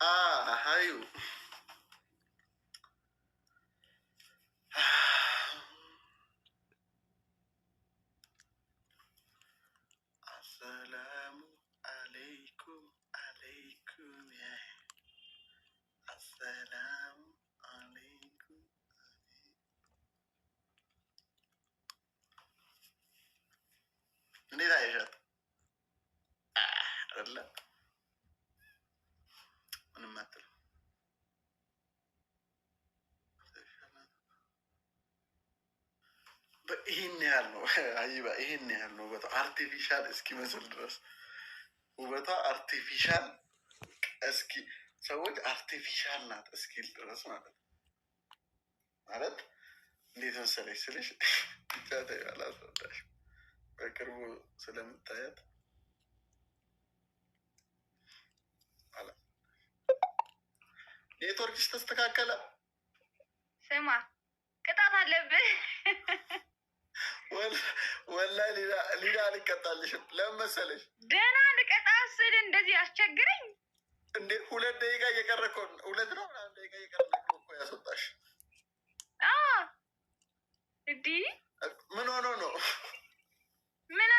Ah, raio. Assalamu alaikum, alaikum, yeah. Assalamu alaikum. ليه ده يا شط؟ آه، لا ይሄን ያህል ነው። አይባ ይሄን ያህል ነው። ውበቷ አርቲፊሻል እስኪመስል ድረስ ውበቷ አርቲፊሻል እስኪ ሰዎች አርቲፊሻል ናት እስኪል ድረስ ማለት ነው። ማለት እንዴት መሰለሽ ስልሽ ብቻ ተይ አላስረዳሽም። በቅርቡ ስለምታያት ኔትወርክሽ ተስተካከለ። ስማ ቅጣት አለብህ። ወላሂ ሊና አልቀጣልሽም። ለምን መሰለሽ ደህና ልቀጣ ስል እንደዚህ አስቸግረኝ እንዴ! ሁለት ደቂቃ እየቀረ እኮ ሁለት ነው ምናምን ደቂቃ እየቀረ እኮ ያስወጣሽ እዲ ምን ሆኖ ነው? ምን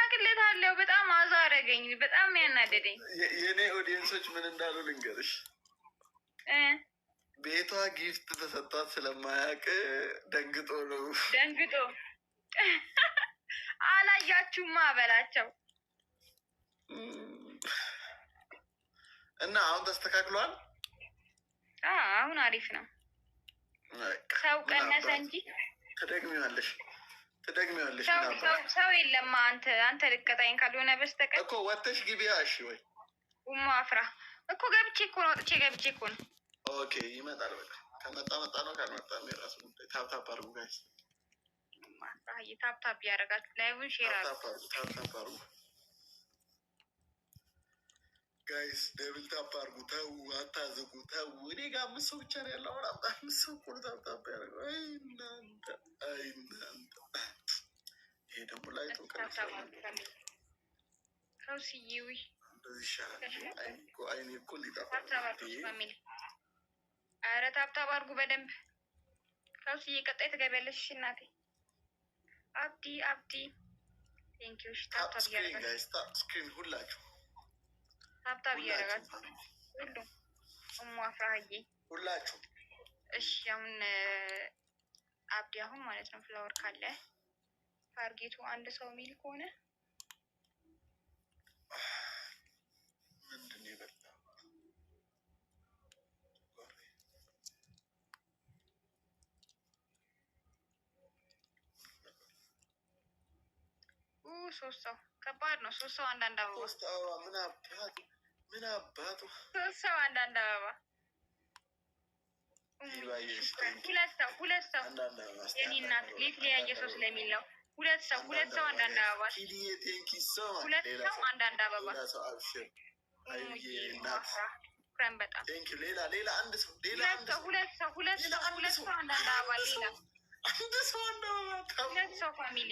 አለው? በጣም አዛ አረገኝ። በጣም ያናደደኝ የእኔ ኦዲየንሶች ምን እንዳሉ ልንገርሽ። ቤቷ ጊፍት ተሰጥቷት ስለማያውቅ ደንግጦ ነው ደንግጦ አላያችሁማ በላቸው እና አሁን ተስተካክሏል። አሁን አሪፍ ነው። ሰው ቀነሰ እንጂ ትደግሚዋለሽ ትደግሚዋለሽ። ሰው የለማ አንተ አንተ ልቀጣኝ ካልሆነ በስተቀር እኮ ወተሽ ግቢያ። እሺ ወይ ጉማ አፍራ እኮ ገብቼ እኮ ነው ወጥቼ ገብቼ እኮ ነው። ኦኬ ይመጣል። በቃ ከመጣ መጣ ነው፣ ካልመጣ የራሱ ጉዳይ። ታፕታፕ አድርጉ ጋይስ። ፀሐይ ታፕታፕ ያደረጋችሁ ላይቡን ሼር አድርጉ ጋይስ፣ ደብል ታፕ አድርጉ። ተው አታዝጉ፣ ተው። እኔ ጋር አምስት ሰው ብቻ ነው ያለው። አምስት ሰው እኮ ነው ታፕታፕ ያደረገው። አይ እናንተ፣ አይ እናንተ። ይሄ ደግሞ ላይ ከውስዬዊ እንደዚህ አይኔ እኮ ሊጠፋ ኧረ ታፕታፕ አድርጉ በደንብ ከውስዬ፣ ቀጣይ ትገቢያለሽ እናቴ አብዲ አብዲ ቴንክ ስክሪን ሁላችሁ ታብታብ እያደረጋችሁ ሁሉ እሞ አፍራሀዬ ሁላችሁ እሺ። አሁን አብዲ አሁን ማለት ነው ፍላወር ካለ ታርጌቱ አንድ ሰው ሚል ከሆነ ሶስት ሰው ከባድ ነው። ሶስት ሰው አንዳንድ አበባ ሶስት አበባ ምን አባቱ ምን አባቱ ሶስት ሰው አንዳንድ አበባ ሁለት ሰው ሁለት ሰው የኔ እናት የተለያየ ሰው ስለሚል ነው። ሁለት ሰው ሁለት ሰው አንዳንድ አበባ ሁለት ሰው አንዳንድ አበባ በጣም ሌላ ሌላ አንድ ሰው ሁለት ሰው ሁለት ሰው አንዳንድ አበባ ሌላ አንድ ሰው አንድ አበባ ሁለት ሰው ፋሚሊ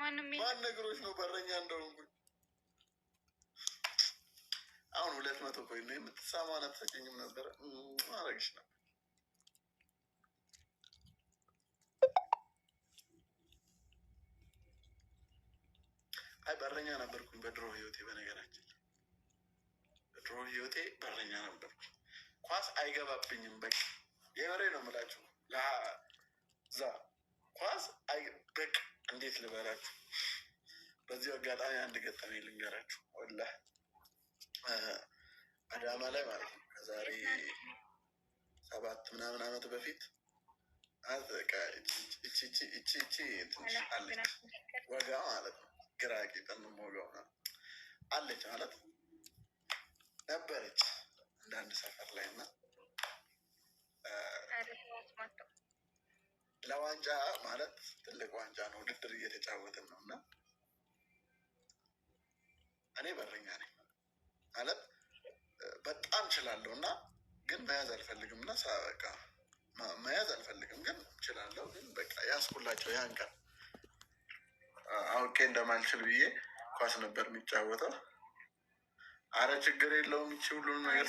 ማን ነገሮች ነው በረኛ እንደሆንኩኝ አሁን ሁለት መቶ ቆይ ነው የምትሳማ አትሰጭኝም ነበረ አረግሽ ነው አይ በረኛ ነበርኩኝ በድሮ ህይወቴ በነገራችን በድሮ ህይወቴ በረኛ ነበርኩ ኳስ አይገባብኝም በቃ የበሬ ነው የምላችሁ ለዛ ኳስ በቃ እንዴት ልበላችሁ። በዚህ አጋጣሚ አንድ ገጠሜ ልንገራችሁ። ወላ አዳማ ላይ ማለት ነው ከዛሬ ሰባት ምናምን ዓመት በፊት አዘቃቺቺቺቺ ትንሽ አለች ወጋ ማለት ነው ግራ ቂጠን አለች ማለት ነበረች ዋንጫ ማለት ትልቅ ዋንጫ ነው። ውድድር እየተጫወትን ነው እና እኔ በረኛ ነኝ ማለት በጣም ችላለሁ እና ግን መያዝ አልፈልግም እና ሳበቃ መያዝ አልፈልግም ግን ችላለሁ ግን በቃ ያስኩላቸው ያን ቀን አውቄ እንደማልችል ብዬ ኳስ ነበር የሚጫወተው። አረ ችግር የለውም ይቺ ነገር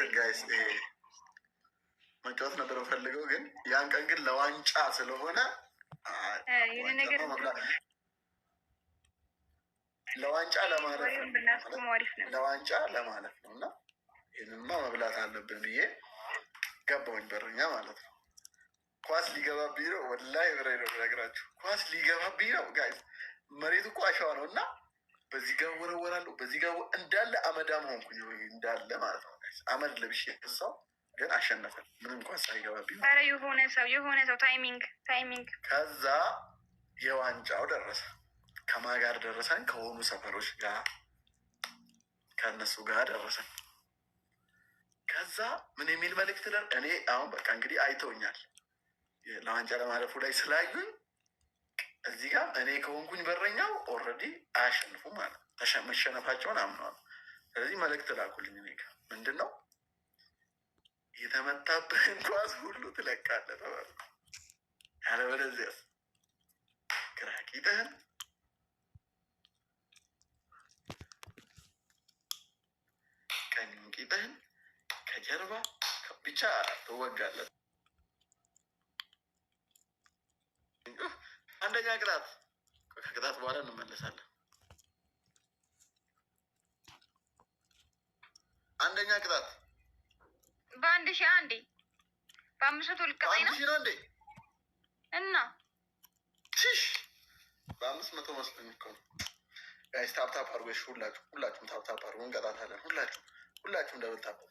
ነገር መጫወት ነበር ፈልገው፣ ግን ያን ቀን ግን ለዋንጫ ስለሆነ ለዋንጫ ለማለፍ ለዋንጫ ለማለፍ ነው እና ይህንማ መብላት አለብን ብዬ ገባውኝ በረኛ ማለት ነው። ኳስ ሊገባብኝ ነው። ወላሂ ብሬ ነው ብነግራችሁ፣ ኳስ ሊገባብኝ ነው ወላሂ ብሬ ነው ነግራችሁ ኳስ ሊገባብኝ ነው ጋይዝ መሬቱ እኮ አሸዋ ነው እና በዚህ ጋር ወረወራለሁ፣ በዚህ ጋር እንዳለ አመዳም ሆንኩኝ። እንዳለ ማለት ነው አመድ ለብሼ የተሳው ግን አሸነፈ። ምንም እንኳን ሳይገባብኝ የሆነ ሰው የሆነ ሰው ታይሚንግ ታይሚንግ። ከዛ የዋንጫው ደረሰ። ከማ ጋር ደረሰን? ከሆኑ ሰፈሮች ጋር ከእነሱ ጋር ደረሰን። ከዛ ምን የሚል መልእክት ደር እኔ አሁን በቃ እንግዲህ አይተውኛል። ለዋንጫ ለማለፉ ላይ ስላዩኝ እዚህ ጋር እኔ ከሆንኩኝ በረኛው ኦልሬዲ አያሸንፉም ማለት መሸነፋቸውን አምነዋል። ስለዚህ መልእክት ላኩልኝ እኔ ጋር ምንድን ነው የተመታብህን ኳስ ሁሉ ትለቃለህ ተባልኩ። ያለበለዚያስ ክራቂጥህን ቀኙን ቂጥህን ከጀርባ ብቻ ትወጋለህ። አንደኛ ቅጣት ከቅጣት በኋላ እንመለሳለን። አንደኛ ቅጣት በአንድ ሺህ አንዴ በአምስት መቶ ልቀጠኝ ነው አንዴ እና በአምስት መቶ መስሎኝ እኮ ነው። ጋይስ ታፕታፕ አርጎ ሁላችሁ ሁላችሁም ታፕታፕ አርጎ እንቀጣታለን። ሁላችሁ ሁላችሁም ደብል ታፕ